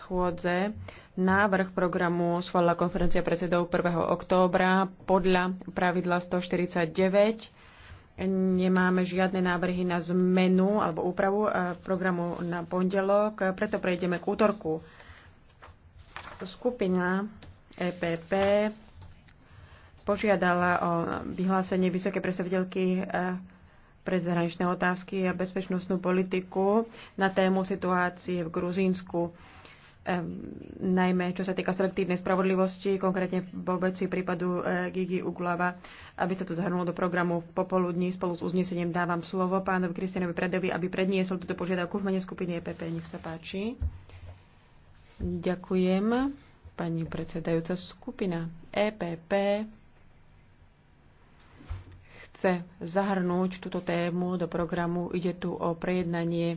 schôdze návrh programu schválila konferencia predsedov 1. októbra podľa pravidla 149. Nemáme žiadne návrhy na zmenu alebo úpravu eh, programu na pondelok, preto prejdeme k útorku. Skupina EPP požiadala o vyhlásenie vysokej predstaviteľky eh, pre zahraničné otázky a bezpečnostnú politiku na tému situácie v Gruzínsku najmä čo sa týka selektívnej spravodlivosti, konkrétne v veci prípadu e, Gigi Uglava, aby sa to zahrnulo do programu v popoludní. Spolu s uznesením dávam slovo pánovi Kristianovi Predovi, aby predniesol túto požiadavku v mene skupiny EPP. Nech sa páči. Ďakujem. Pani predsedajúca skupina EPP chce zahrnúť túto tému do programu. Ide tu o prejednanie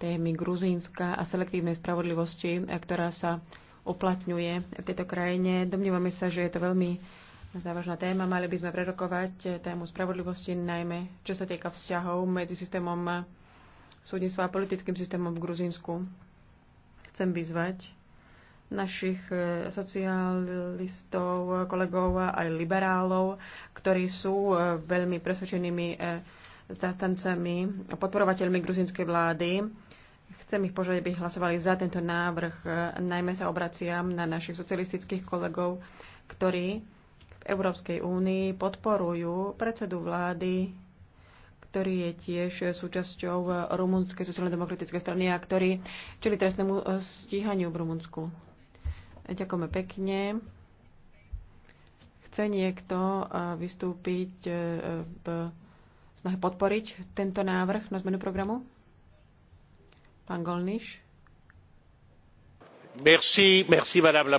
témy Gruzínska a selektívnej spravodlivosti, e, ktorá sa uplatňuje v tejto krajine. Domnívame sa, že je to veľmi závažná téma. Mali by sme prerokovať e, tému spravodlivosti, najmä čo sa týka vzťahov medzi systémom súdnictva a politickým systémom v Gruzínsku. Chcem vyzvať našich e, socialistov, kolegov aj liberálov, ktorí sú veľmi presvedčenými zástancami, podporovateľmi gruzinskej vlády, Chcem ich požiadať, aby hlasovali za tento návrh. Najmä sa obraciam na našich socialistických kolegov, ktorí v Európskej únii podporujú predsedu vlády, ktorý je tiež súčasťou Rumunskej sociálno-demokratickej strany a ktorý čili trestnému stíhaniu v Rumunsku. Ďakujeme pekne. Chce niekto eh, vystúpiť eh, v snahe podporiť tento návrh na zmenu programu? Pán Golniš. Merci, merci, madame la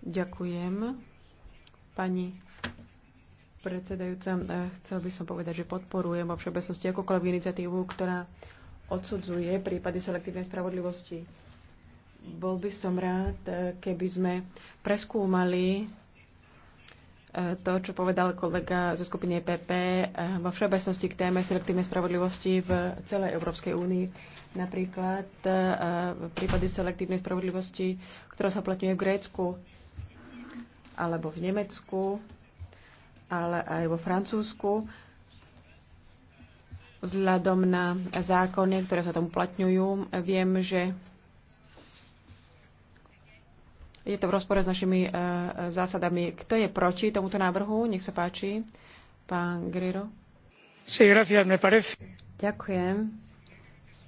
Ďakujem. Pani predsedajúca, eh, chcel by som povedať, že podporujem vo všeobecnosti akúkoľvek iniciatívu, ktorá odsudzuje prípady selektívnej spravodlivosti. Bol by som rád, eh, keby sme preskúmali to, čo povedal kolega zo skupiny PP e eh, vo všeobecnosti k téme selektívnej spravodlivosti v celej Európskej únii. Napríklad eh, v prípade selektívnej spravodlivosti, ktorá sa uplatňuje v Grécku alebo v Nemecku, ale aj vo Francúzsku, vzhľadom na zákony, ktoré sa tam uplatňujú, viem, že je to v rozpore s našimi e, zásadami. Kto je proti tomuto návrhu? Nech sa páči. Pán Grero. Sí, gracias, me parece. Ďakujem.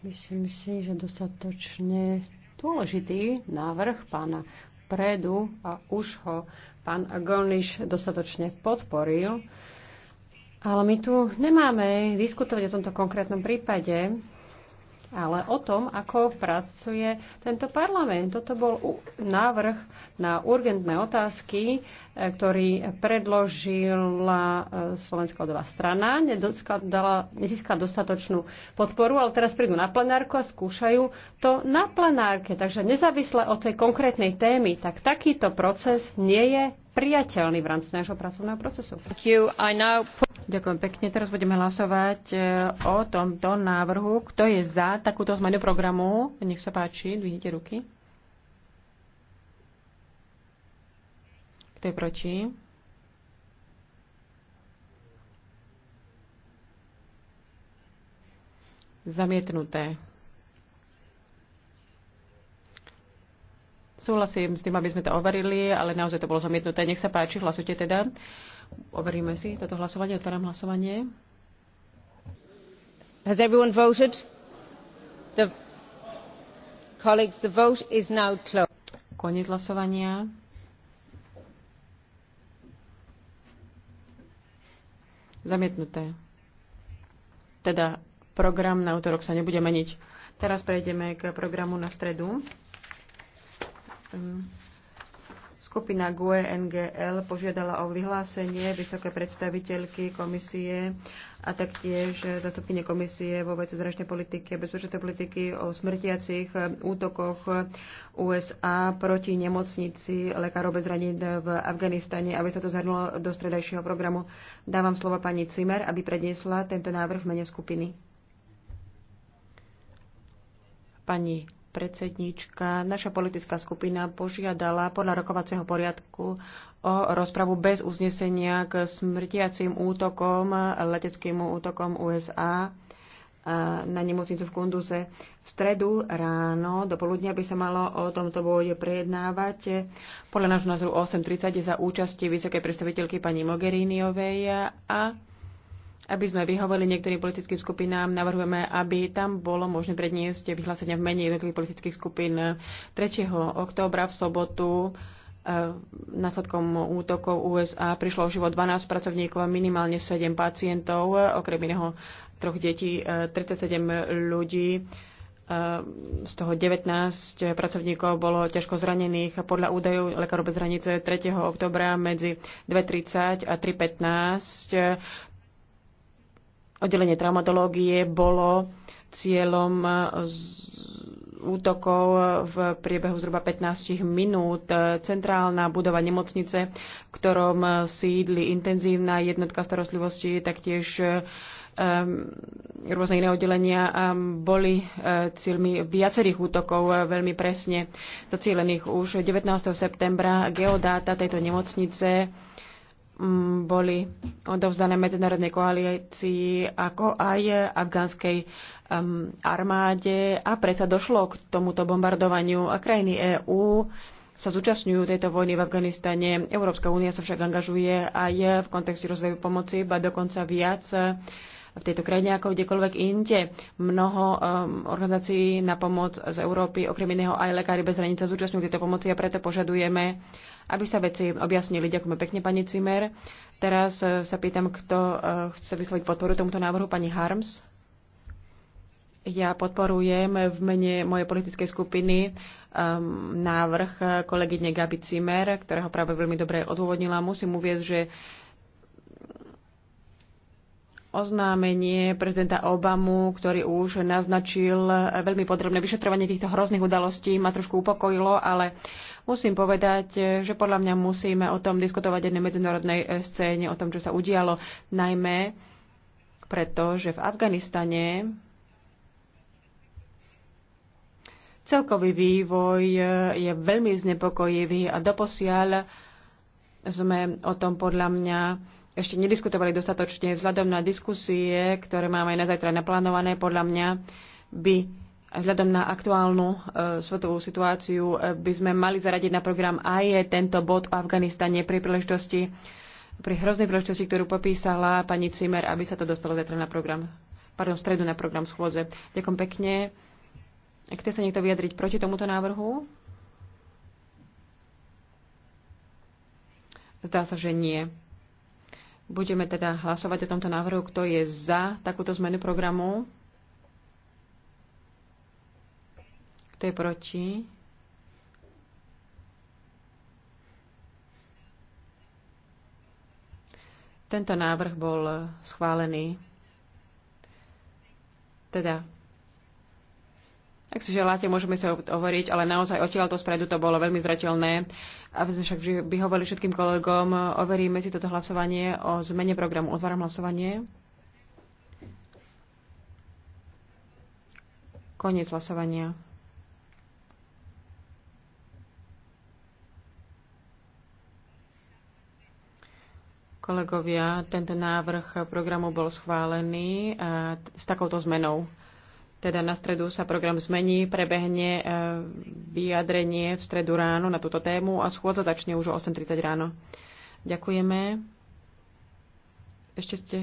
Myslím si, že dostatočne dôležitý návrh pána Predu a už ho pán Golniš dostatočne podporil. Ale my tu nemáme diskutovať o tomto konkrétnom prípade ale o tom, ako pracuje tento parlament. Toto bol návrh na urgentné otázky, e, ktorý predložila e, Slovenská odová strana. Nezískala dostatočnú podporu, ale teraz prídu na plenárku a skúšajú to na plenárke. Takže nezávisle od tej konkrétnej témy, tak takýto proces nie je priateľný v rámci nášho pracovného procesu. Ďakujem pekne. Teraz budeme hlasovať e, o tomto návrhu. Kto je za takúto zmenu programu? Nech sa páči, dvihnite ruky. Kto je proti? Zamietnuté. Súhlasím s tým, aby sme to overili, ale naozaj to bolo zamietnuté. Nech sa páči, hlasujte teda. Uh, Overíme si toto hlasovanie. Otváram hlasovanie. Has everyone voted? The... Colleagues, the vote is now closed. Koniec hlasovania. Zamietnuté. Teda program na útorok sa nebude meniť. Teraz prejdeme k programu na stredu. Um. Skupina GUE NGL požiadala o vyhlásenie vysoké predstaviteľky komisie a taktiež zastupkyne komisie vo veci zračnej politiky a bezpečnostnej politiky o smrtiacich útokoch USA proti nemocnici lekárov bez hranín v Afganistane, aby sa to zhrnulo do stredajšieho programu. Dávam slovo pani Cimer, aby predniesla tento návrh v mene skupiny. Pani predsednička, naša politická skupina požiadala podľa rokovacieho poriadku o rozpravu bez uznesenia k smrtiacím útokom, leteckým útokom USA na nemocnicu v Kunduze. V stredu ráno do poludnia by sa malo o tomto bode prejednávať podľa nášho názoru 8.30 za účasti vysokej predstaviteľky pani Mogheriniovej a aby sme vyhoveli niektorým politickým skupinám, navrhujeme, aby tam bolo možné predniesť vyhlásenia v mene jednotlivých politických skupín 3. októbra v sobotu e, následkom útokov USA prišlo o život 12 pracovníkov a minimálne 7 pacientov, okrem iného troch detí, 37 e, ľudí, e, z toho 19 pracovníkov bolo ťažko zranených. Podľa údajov Lekárov bez hranice 3. oktobra medzi 2.30 a 3.15 Oddelenie traumatológie bolo cieľom e, útokov v priebehu zhruba 15 minút. Centrálna budova nemocnice, v ktorom sídli intenzívna jednotka starostlivosti, taktiež um, rôzne iné oddelenia um, boli uh, cieľmi viacerých útokov uh, veľmi presne zacielených už 19. septembra geodáta tejto nemocnice boli odovzdané medzinárodnej koalícii ako aj afgánskej um, armáde a predsa došlo k tomuto bombardovaniu a krajiny EÚ sa zúčastňujú tejto vojny v Afganistane. Európska únia sa však angažuje aj v kontexte rozvoju pomoci, ba dokonca viac v tejto krajine ako kdekoľvek inde. Mnoho um, organizácií na pomoc z Európy, okrem iného aj Lekári bez hranice, zúčastňujú tejto pomoci a preto požadujeme aby sa veci objasnili. Ďakujeme pekne, pani Cimer. Teraz e, sa pýtam, kto e, chce vysloviť podporu tomuto návrhu, pani Harms. Ja podporujem v mene mojej politickej skupiny um, návrh kolegyne Gabi Cimer, ktorého práve veľmi dobre odôvodnila. Musím uvieť, že oznámenie prezidenta Obamu, ktorý už naznačil e, veľmi podrobné vyšetrovanie týchto hrozných udalostí, ma trošku upokojilo, ale Musím povedať, že podľa mňa musíme o tom diskutovať aj na medzinárodnej eh, scéne, o tom, čo sa udialo, najmä preto, že v Afganistane celkový vývoj eh, je veľmi znepokojivý a doposiaľ sme o tom podľa mňa ešte nediskutovali dostatočne vzhľadom na diskusie, ktoré máme aj na zajtra naplánované, podľa mňa by Vzhľadom na aktuálnu e, svetovú situáciu e, by sme mali zaradiť na program aj tento bod o Afganistane pri príležitosti, pri hroznej príležitosti, ktorú popísala pani Cimer, aby sa to dostalo zajtra na program, pardon, stredu na program schôdze. Ďakujem pekne. Chce sa niekto vyjadriť proti tomuto návrhu? Zdá sa, že nie. Budeme teda hlasovať o tomto návrhu, kto je za takúto zmenu programu. Kto je proti? Tento návrh bol schválený. Teda, ak si želáte, môžeme sa hovoriť, ale naozaj odtiaľto spredu to bolo veľmi zrateľné. Aby sme však vyhovali všetkým kolegom, overíme si toto hlasovanie o zmene programu. Otváram hlasovanie. Koniec hlasovania. Kolegovia, tento návrh programu bol schválený e, s takouto zmenou. Teda na stredu sa program zmení, prebehne e, vyjadrenie v stredu ráno na túto tému a schôdza začne už o 8.30 ráno. Ďakujeme. Ešte ste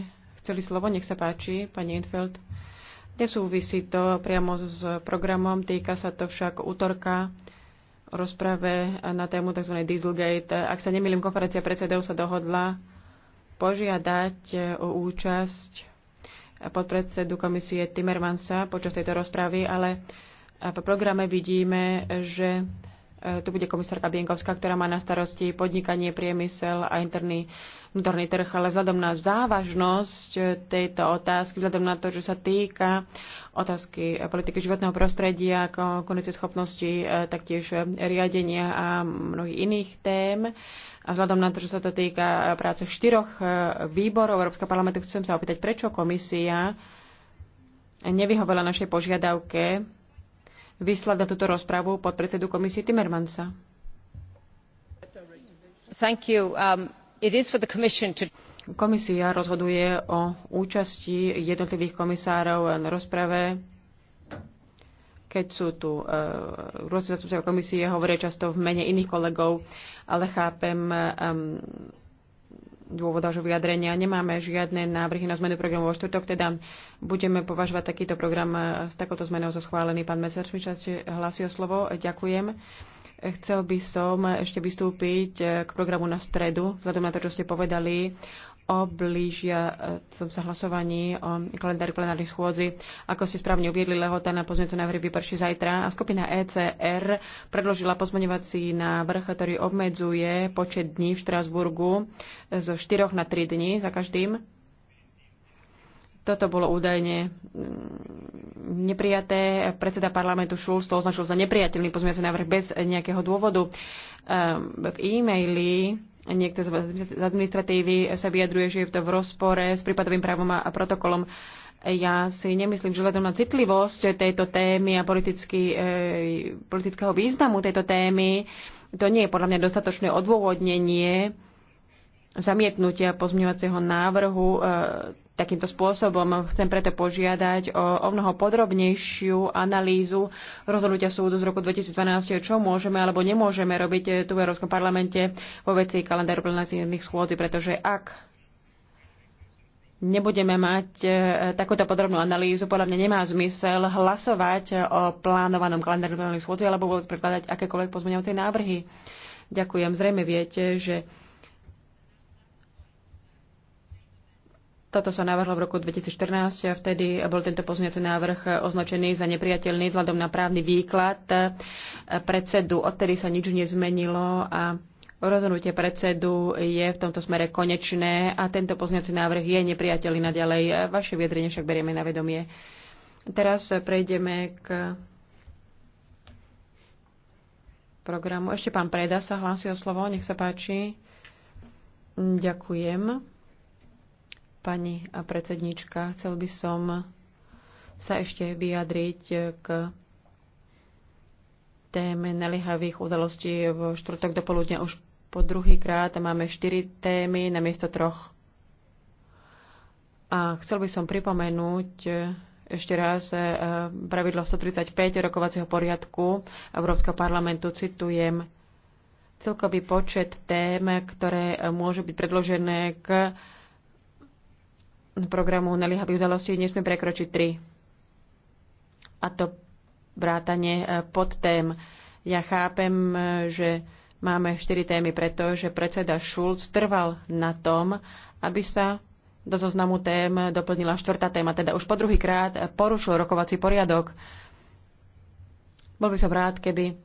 chceli slovo, nech sa páči, pani Infeld. Nesúvisí to priamo s programom, týka sa to však útorka rozprave na tému tzv. Dieselgate. Ak sa nemýlim, konferencia predsedov sa dohodla požiadať e, o účasť podpredsedu komisie Timmermansa počas tejto rozpravy, ale e, v programe vidíme, že tu bude komisárka Bienkovská, ktorá má na starosti podnikanie, priemysel a interný vnútorný trh, ale vzhľadom na závažnosť tejto otázky, vzhľadom na to, že sa týka otázky politiky životného prostredia, konice schopnosti, e, taktiež riadenia a mnohých iných tém, a vzhľadom na to, že sa to týka práce štyroch e, výborov Európskeho parlamentu, chcem sa opýtať, prečo komisia nevyhovela našej požiadavke vyslať na túto rozpravu podpredsedu komisie Timmermansa. Um, Komisia rozhoduje o účasti jednotlivých komisárov na rozprave. Keď sú tu uh, rôzne zastupcovia komisie, hovoria často v mene iných kolegov, ale chápem um, dôvodov, že vyjadrenia. Nemáme žiadne návrhy na zmenu programu vo štvrtok, teda budeme považovať takýto program e, s takouto zmenou za schválený. Pán Mecerčmičač hlasí o slovo. Ďakujem. Chcel by som ešte vystúpiť e, k programu na stredu, vzhľadom na to, čo ste povedali oblížia e, som sa hlasovaní o kalendári plenárnych schôdzi. Ako ste správne uviedli, lehota na pozmeňujúce návrhy vyprší zajtra a skupina ECR predložila pozmeňovací návrh, ktorý obmedzuje počet dní v Štrásburgu e, zo 4 na 3 dní za každým. Toto bolo údajne mm, neprijaté. Predseda parlamentu Schulz to označil za nepriateľný pozmeňovací návrh bez nejakého dôvodu. Ehm, v e-maili niekto z administratívy sa vyjadruje, že je to v rozpore s prípadovým právom a protokolom. Ja si nemyslím, že vzhľadom na citlivosť tejto témy a politický, e, politického významu tejto témy, to nie je podľa mňa dostatočné odôvodnenie zamietnutia pozmňovacieho návrhu e, takýmto spôsobom. Chcem preto požiadať o, o mnoho podrobnejšiu analýzu rozhodnutia súdu z roku 2012, čo môžeme alebo nemôžeme robiť tu v Európskom parlamente vo veci kalendáru plenárnych schôdzi, pretože ak nebudeme mať e, takúto podrobnú analýzu, podľa mňa nemá zmysel hlasovať o plánovanom kalendáru plenárnych schôdzi alebo vôbec prekladať akékoľvek pozmeňovacie návrhy. Ďakujem. Zrejme viete, že Toto sa navrhlo v roku 2014 a vtedy bol tento pozmeňovací návrh označený za nepriateľný vzhľadom na právny výklad predsedu. Odtedy sa nič nezmenilo a rozhodnutie predsedu je v tomto smere konečné a tento pozmeňovací návrh je nepriateľný naďalej. Vaše vyjadrenie však berieme na vedomie. Teraz prejdeme k programu. Ešte pán Preda sa hlási o slovo, nech sa páči. Ďakujem. Pani predsednička, chcel by som sa ešte vyjadriť k téme naliehavých udalostí v štvrtok do poludne už po druhý krát. Máme štyri témy na miesto troch. A chcel by som pripomenúť ešte raz e, pravidlo 135 rokovacieho poriadku Európskeho parlamentu. Citujem celkový počet tém, ktoré môžu byť predložené k programu naliehavých udalostí nesmie prekročiť 3. A to vrátanie pod tém. Ja chápem, e, že máme 4 témy, pretože predseda Schulz trval na tom, aby sa do zoznamu tém doplnila štvrtá téma, teda už po druhýkrát porušil rokovací poriadok. Bol by som rád, keby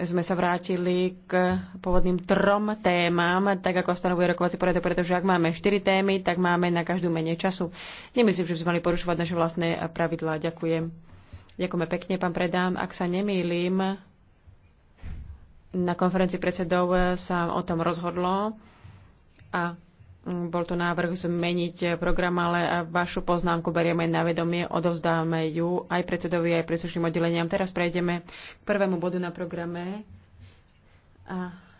sme sa vrátili k pôvodným trom témam, tak ako stanovuje rokovací poriadok, pretože ak máme štyri témy, tak máme na každú menej času. Nemyslím, že by sme mali porušovať naše vlastné pravidlá. Ďakujem. Ďakujeme pekne, pán Predám. Ak sa nemýlim, na konferencii predsedov sa o tom rozhodlo a bol to návrh zmeniť program, ale vašu poznámku berieme na vedomie, odovzdáme ju aj predsedovi, aj príslušným oddeleniam. Teraz prejdeme k prvému bodu na programe. A